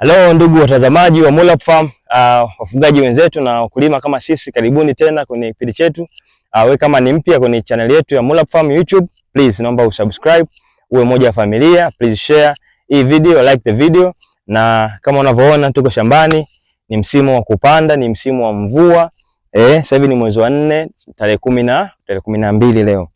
Halo ndugu watazamaji wa Mulap Farm, uh, wafugaji wenzetu na wakulima kama sisi, karibuni tena kwenye kipindi chetu. Uh, we kama ni mpya kwenye channel yetu ya Mulap Farm YouTube, please naomba usubscribe, uwe moja ya familia, please share hii video, like the video. Na kama unavyoona tuko shambani, ni msimu wa kupanda, ni msimu wa mvua. Eh, sasa hivi ni mwezi wa nne tarehe kumi na tarehe kumi na mbili leo.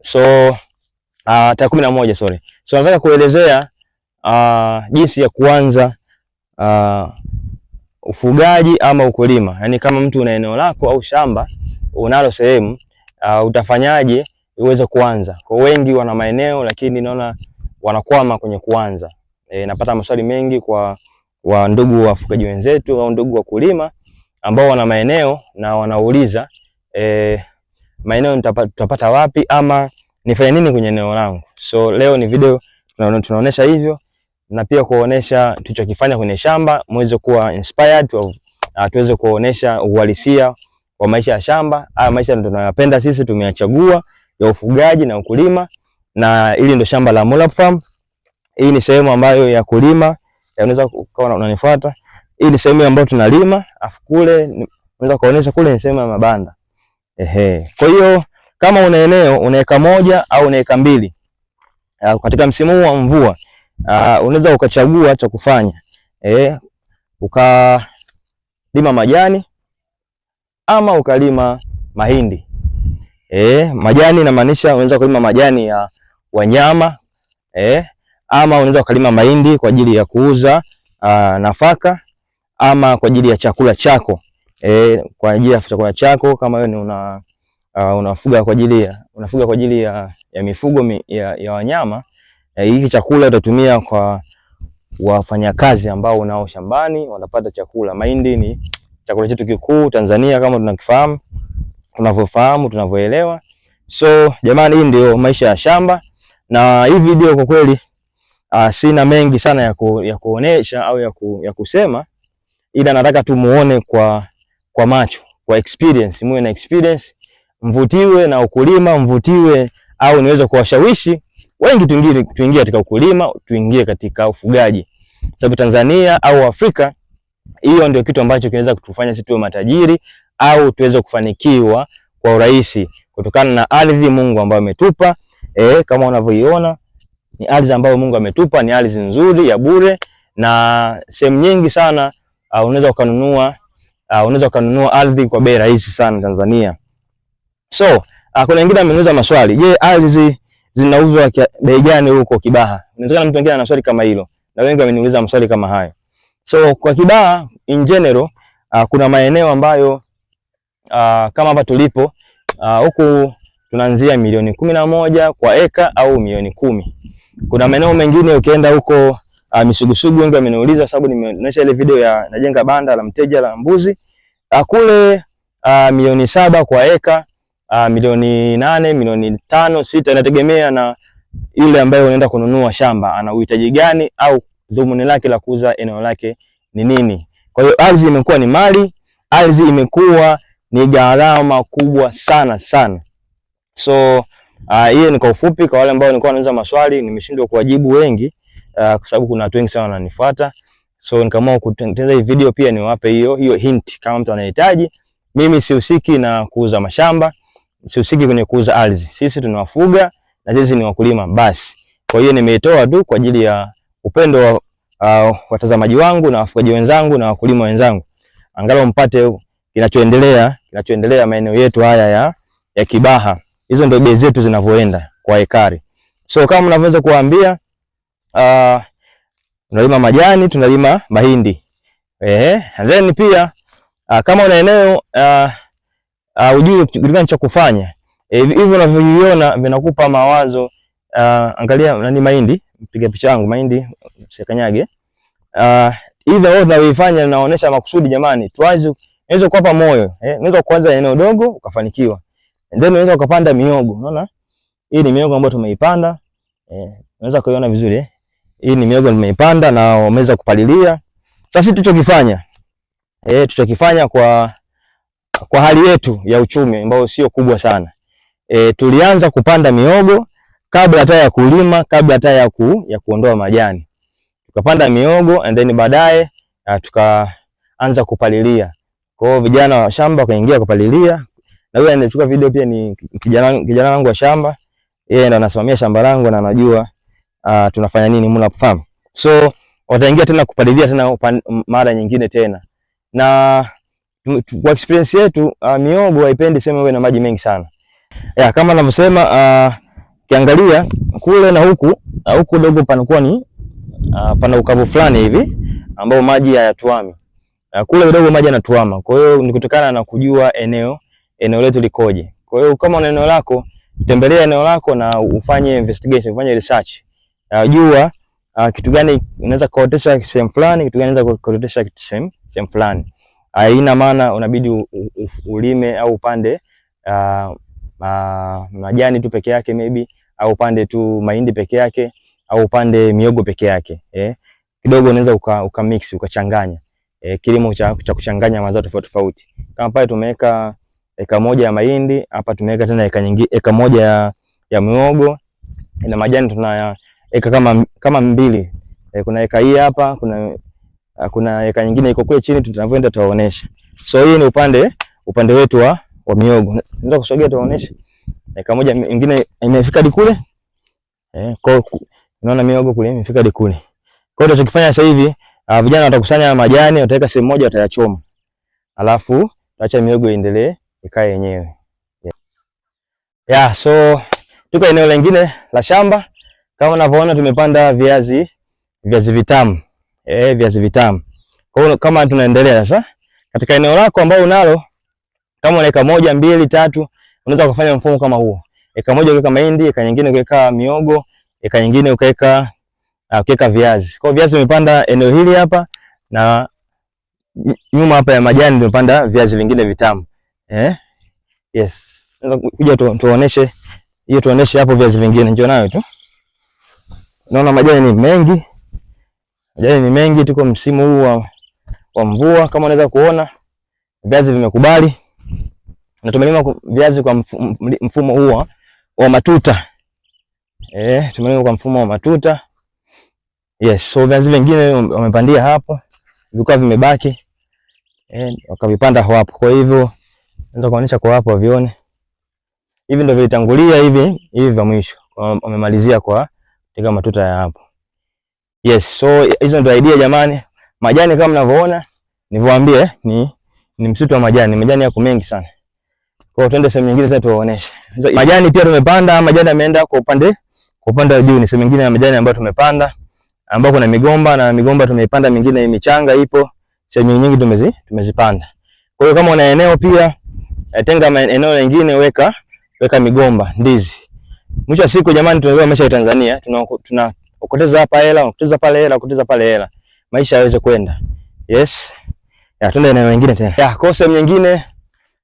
So uh, tarehe kumi na moja sorry. So nataka kuelezea uh, jinsi ya kuanza uh, ufugaji ama ukulima. Yani kama mtu una eneo lako au shamba unalo sehemu uh, utafanyaje uweze kuanza? Kwa wengi wana maeneo lakini naona wanakwama kwenye kuanza. E, napata maswali mengi kwa wa ndugu wafugaji wenzetu au ndugu wakulima ambao wana maeneo na wanauliza e, maeneo tutapata wapi ama nifanye nini kwenye eneo langu. So leo ni video tunaonesha hivyo na pia kuonesha tulichokifanya kwenye shamba, muweze kuwa inspired tuweze kuonesha uhalisia wa maisha ya shamba. Haya maisha ndio tunayapenda sisi, tumeyachagua ya ufugaji na ukulima, na hili ndio shamba la Mulap Farm. Hii ni sehemu ambayo ya kulima, unaweza kuona unanifuata. Hii ni sehemu ambayo tunalima, afu kule unaweza kuonesha kule ni sehemu ya mabanda. Ehe, kwa hiyo kama una eneo una eka moja au una eka mbili katika msimu huu wa mvua uh, unaweza ukachagua cha kufanya eh, ukalima majani ama ukalima mahindi eh. Majani namaanisha unaweza kulima majani ya wanyama eh, ama unaweza ukalima mahindi kwa ajili ya kuuza uh, nafaka ama kwa ajili ya chakula chako eh, kwa ajili ya chakula chako kama wewe ni una uh, unafuga kwa ajili ya unafuga kwa ajili ya, ya mifugo ya, ya wanyama Eh, hiki chakula utatumia kwa wafanyakazi ambao unao shambani wanapata chakula. Mahindi ni chakula chetu kikuu Tanzania, kama tunakifahamu, tunavyofahamu, tunavyoelewa. So jamani, hii ndio maisha ya shamba, na hii video kwa kweli uh, sina mengi sana ya, ku, ya kuonesha au ya, ku, ya kusema, ila nataka tu muone kwa, kwa macho kwa experience, muwe na experience, mvutiwe na ukulima, mvutiwe au niweze kuwashawishi wengi tuingie tuingie katika ukulima, tuingie katika ufugaji, sababu Tanzania au Afrika, hiyo ndio kitu ambacho kinaweza kutufanya sisi tuwe matajiri au tuweze kufanikiwa kwa urahisi kutokana na ardhi Mungu ambayo ametupa. E, kama unavyoiona ni ardhi ambayo Mungu ametupa, ni ardhi nzuri ya bure, na sehemu nyingi sana uh, unaweza ukanunua uh, unaweza ukanunua ardhi kwa bei rahisi sana Tanzania. So, uh, kuna wengine wameuliza maswali. Je, ardhi zinauzwa bei gani huko Kibaha? Inawezekana mtu mwingine ana swali kama hilo, na wengi wameniuliza maswali kama hayo. So kwa Kibaha in general, uh, kuna maeneo ambayo uh, kama hapa tulipo ah, huku uh, tunaanzia milioni kumi na moja kwa eka au milioni kumi. Kuna maeneo mengine ukienda huko uh, Misugusugu, wengi wameniuliza sababu nimeonyesha ile video ya najenga banda la mteja la mbuzi uh, kule uh, milioni saba kwa eka uh, milioni nane milioni tano sita, inategemea na yule ambaye unaenda kununua shamba ana uhitaji gani au dhumuni lake la kuuza eneo lake ni nini. Kwa hiyo ardhi imekuwa ni mali, ardhi imekuwa ni gharama kubwa sana sana. So ah, hiyo uh, ni kwa ufupi kwa wale ambao nilikuwa wanauliza maswali, nimeshindwa kuwajibu wengi uh, kwa sababu kuna watu wengi sana wananifuata. So nikaamua kutengeneza hii video pia niwape hiyo hiyo hint kama mtu anahitaji. Mimi sihusiki na kuuza mashamba sihusiki kwenye kuuza ardhi. Sisi tunawafuga na sisi ni wakulima basi. Kwa hiyo nimeitoa tu kwa ajili ya upendo wa uh, watazamaji wangu na wafugaji wenzangu na wakulima wenzangu, angalau mpate kinachoendelea kinachoendelea maeneo yetu haya ya, ya Kibaha. Hizo ndio bei zetu zinavyoenda kwa ekari. So kama mnavyoweza kuambia uh, tunalima majani, tunalima mahindi. Ehe, and then pia uh, kama una eneo uh, uh, ah, ujue kitu gani cha kufanya. Eh, hivyo e, unavyoiona vinakupa mawazo uh, angalia nani mahindi, mpiga picha yangu mahindi usikanyage. Uh, ah, hivyo wewe unaoifanya naonesha makusudi jamani, tuanze unaweza kuwapa moyo eh, unaweza kuanza eneo dogo ukafanikiwa. And then unaweza ukapanda miogo, unaona? Hii ni miogo ambayo tumeipanda. Eh, unaweza kuiona vizuri eh. Hii ni miogo nimeipanda na wameweza kupalilia. Sasa tulichokifanya eh, tulichokifanya kwa kwa hali yetu ya uchumi ambao sio kubwa sana e, tulianza kupanda miogo kabla hata ya kulima, kabla hata ya, ku, ya kuondoa majani tukapanda miogo and then baadaye tukaanza kupalilia. Kwa hiyo vijana wa shamba wakaingia kupalilia, na yule anachukua video pia ni kijana kijana wangu wa shamba, yeye ndo anasimamia shamba langu na anajua uh, tunafanya nini mna farm, so wataingia tena kupalilia tena mara nyingine tena na kwa experience yetu uh, ah, miogo haipendi sema iwe na maji mengi sana ya, kama ninavyosema uh, ah, kiangalia kule na huku uh, huku dogo panakuwa ni uh, pana ukavu fulani hivi ambao maji hayatuami uh, kule dogo maji yanatuama. Kwa hiyo ni kutokana na kujua eneo eneo letu likoje. Kwa hiyo kama una eneo lako, tembelea eneo lako na ufanye investigation, ufanye research uh, jua uh, kitu gani unaweza kuotesha sehemu fulani, kitu gani unaweza kuotesha sehemu sehemu fulani haina ah, maana unabidi ulime au upande uh, uh, majani tu peke yake maybe au upande tu mahindi peke yake au upande miogo peke yake eh. Kidogo unaweza uka, uka mix ukachanganya eh, kilimo cha, cha kuchanganya mazao tofauti tofauti. Kama pale tumeweka eka moja ya mahindi hapa, tumeweka tena eka nyingine eka moja ya, ya miogo na majani, tuna eka kama, kama mbili eh, kuna eka hii hapa, kuna Ah, kuna eka nyingine iko kule chini, tunavyoenda tutaonesha. So hii ni upande upande wetu wa wa miogo. Naweza kusogea tuoneshe. Eka moja nyingine imefika hadi kule. Eh, kwa unaona miogo kule imefika hadi kule. Kwa hiyo tunachokifanya sasa hivi, uh, vijana watakusanya majani, wataweka sehemu moja, watayachoma. Alafu tuacha miogo iendelee ikae yenyewe. Yeah. Yeah, so tuko eneo lingine la shamba. Kama unavyoona tumepanda viazi viazi vitamu eh, viazi vitamu. Kwa hiyo kama tunaendelea sasa, katika eneo lako ambao unalo kama una eka moja, mbili, tatu, unaweza kufanya mfumo kama huo. Eka moja ukaweka mahindi, eka nyingine ukaweka miogo, eka nyingine ukaweka uh, ah, ukaweka viazi. Kwa viazi umepanda eneo hili hapa na nyuma hapa ya majani tumepanda viazi vingine vitamu. Eh? Yes. Kuja tu, tuoneshe hiyo tuoneshe hapo viazi vingine. Njoo nayo tu. Naona majani ni mengi. Majani ni mengi, tuko msimu huu wa, wa mvua kama unaweza kuona viazi vimekubali, na tumelima viazi kwa mfumo huu wa matuta eh, tumelima kwa mfumo wa matuta yes. So viazi vingine wamepandia hapo, vilikuwa vimebaki eh, wakavipanda hapo. Kwa hivyo naweza kuonyesha kwa hapo vione, hivi ndio vilitangulia hivi hivi vya mwisho wamemalizia kwa katika matuta ya hapo. Yes, so hizo ndio idea jamani. Majani kama mnavyoona nivyoambie ni ni msitu wa majani, majani yako mengi sana. Kwa hiyo twende sehemu nyingine tena tuwaoneshe. Majani pia tumepanda, majani yameenda kwa upande kwa upande wa juu ni sehemu nyingine ya majani ambayo tumepanda ambapo kuna migomba na migomba tumeipanda mingine michanga ipo. Sehemu nyingi tumezi tumezipanda. Kwa hiyo kama una eneo pia eh, tenga eneo lingine weka weka migomba, ndizi. Mwisho wa siku jamani, tunajua maisha ya Tanzania tuna, tuna unapoteza hapa hela, unapoteza pale hela, unapoteza pale hela, maisha yaweze kwenda. Yes, ya tuende eneo lingine tena. Ya kwa sehemu nyingine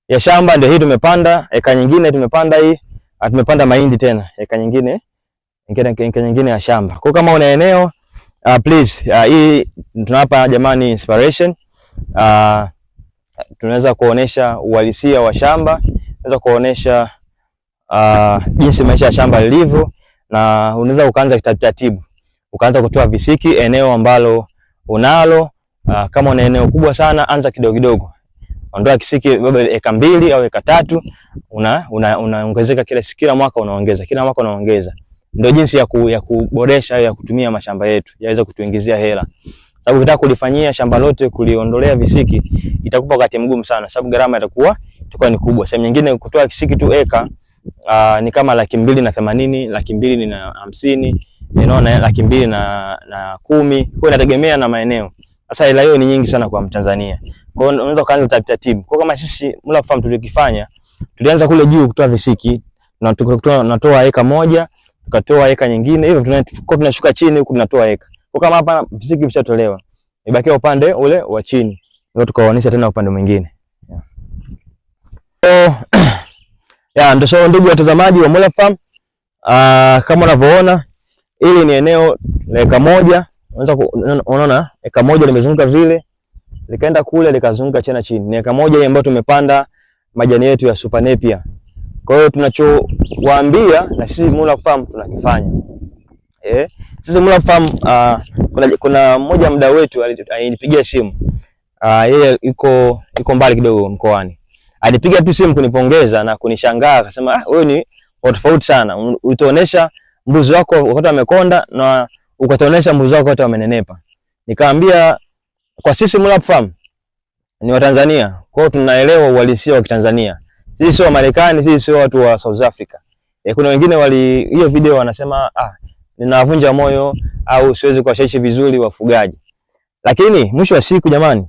ya shamba ndio hii, tumepanda eka nyingine, tumepanda hii, tumepanda mahindi tena eka nyingine, eka nyingine ya shamba. Kwa kama una eneo uh, please uh, hii tunapa jamani inspiration uh, tunaweza kuonesha uhalisia wa shamba, tunaweza kuonesha uh, jinsi maisha ya shamba lilivyo, na unaweza ukaanza kitatibu ukaanza kutoa visiki eneo ambalo unalo. Uh, kama una eneo kubwa sana, anza kidogo kidogo, ondoa kisiki baba eka mbili au eka tatu, una unaongezeka una kila mwaka unaongeza, kila mwaka unaongeza. Ndio jinsi ya, ku, ya kuboresha ya kutumia mashamba yetu yaweza kutuingizia hela, sababu ukitaka kulifanyia shamba lote kuliondolea visiki itakupa wakati mgumu sana, sababu gharama itakuwa itakuwa ni kubwa. Sehemu nyingine kutoa kisiki tu eka uh, ni kama laki mbili na themanini, laki mbili na hamsini unaona, eh, laki mbili na, na kumi. Kwa hiyo inategemea na maeneo. Sasa hela hiyo ni nyingi sana kwa Mtanzania. Kwa hiyo unaweza kuanza taratibu. Kwa kama sisi Mula Farm tulikifanya, tulianza kule juu kutoa visiki na tunatoa eka moja, tukatoa eka nyingine, hivyo tunakuwa tunashuka chini huku tunatoa eka. Kwa kama hapa visiki vishatolewa, ibakia upande ule wa chini. Ndio tukaoanisha tena upande mwingine. Yeah. So, yeah, ndio ndugu watazamaji wa Mula Farm. Uh, ah, kama unavyoona Hili ni eneo la eka moja, unaona eka moja limezunguka vile likaenda kule likazunguka chena chini. Ni eka moja ambayo tumepanda majani yetu ya Super Napier. Kwa hiyo tunachowaambia na sisi Mulap Farm tunakifanya. Eh, sisi Mulap Farm uh, ah, kuna, kuna mmoja mdau wetu alinipigia simu. Uh, yeye yuko yuko mbali kidogo mkoani. Alipiga tu simu kunipongeza na kunishangaa akasema, ah, wewe ni tofauti sana. Utaonesha mbuzi wako wakati wamekonda na ukataonesha mbuzi wako wakati wamenenepa. Nikaambia kwa sisi Mulap Farm ni Watanzania, kwa hiyo tunaelewa uhalisia wa Kitanzania. Sisi sio Wamarekani, sisi sio watu wa South Africa. E, kuna wengine wali hiyo video wanasema ah, ninawavunja moyo au siwezi kuwashawishi vizuri wafugaji. Lakini mwisho wa siku jamani,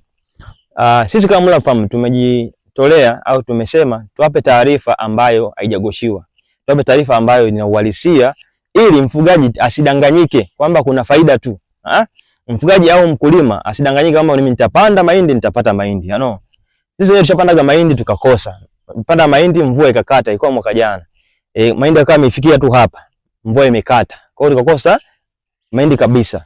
ah, sisi kama Mulap Farm tumejitolea au tumesema tuwape taarifa ambayo haijagoshiwa, tuwape taarifa ambayo ina uhalisia ili mfugaji asidanganyike kwamba kuna faida tu ha? Mfugaji au mkulima asidanganyike kwamba mimi nitapanda mahindi nitapata mahindi ano. Sisi wenyewe tushapanda mahindi tukakosa, panda mahindi mvua ikakata, ilikuwa mwaka jana e, mahindi yakawa yamefikia tu hapa, mvua imekata, kwa hiyo tukakosa mahindi kabisa.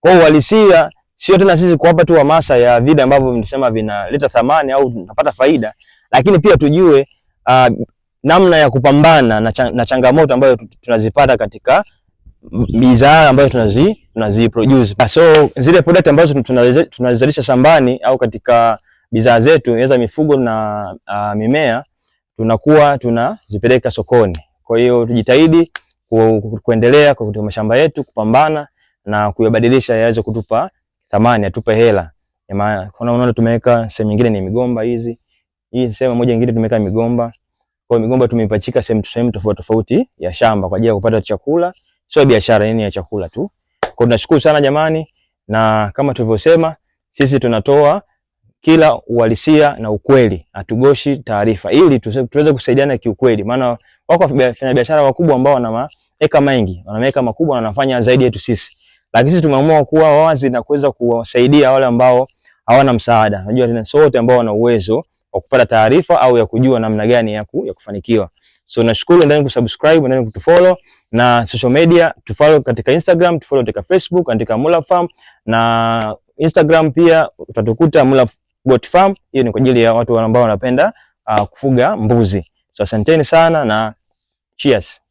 Kwa hiyo uhalisia sio tena sisi kuwapa tu hamasa ya vile ambavyo mlisema vinaleta thamani au napata faida, lakini pia tujue uh, namna ya kupambana na, chang, na changamoto ambayo tunazipata katika bidhaa ambayo tunazi tunazi produce. Ah, so zile product ambazo tunazalisha shambani au katika bidhaa zetu za mifugo na uh, mimea tunakuwa tunazipeleka sokoni. Kwa hiyo tujitahidi ku, kuendelea kwa mashamba yetu kupambana na kuyabadilisha yaweze kutupa thamani, atupe hela. Kwa Maana unaona tumeweka sehemu nyingine ni migomba hizi. Hii sehemu moja nyingine tumeweka migomba. Kwa migomba tumeipachika sehemu sehemu tofauti tofauti ya shamba kwa ajili ya kupata chakula, sio biashara yenyewe ya chakula tu. Kwa tunashukuru sana jamani, na kama tulivyosema sisi tunatoa kila uhalisia na ukweli, hatugoshi taarifa ili tuweze kusaidiana kiukweli, maana wako wafanya biashara wakubwa ambao wana maeka mengi, wana maeka makubwa na wanafanya zaidi yetu sisi, lakini sisi tumeamua kuwa wazi na kuweza kuwasaidia wale ambao hawana msaada. Unajua sote ambao wana uwezo wa kupata taarifa au ya kujua namna gani ya, ku, ya kufanikiwa. So nashukuru, endeni kusubscribe, endeni kutufollow na social media, tufollow katika Instagram, tufollow katika Facebook, andika Mulap Farm na Instagram pia utatukuta Mulap Goat Farm. Hiyo ni kwa ajili ya watu ambao wanapenda uh, kufuga mbuzi. So asanteni sana na cheers.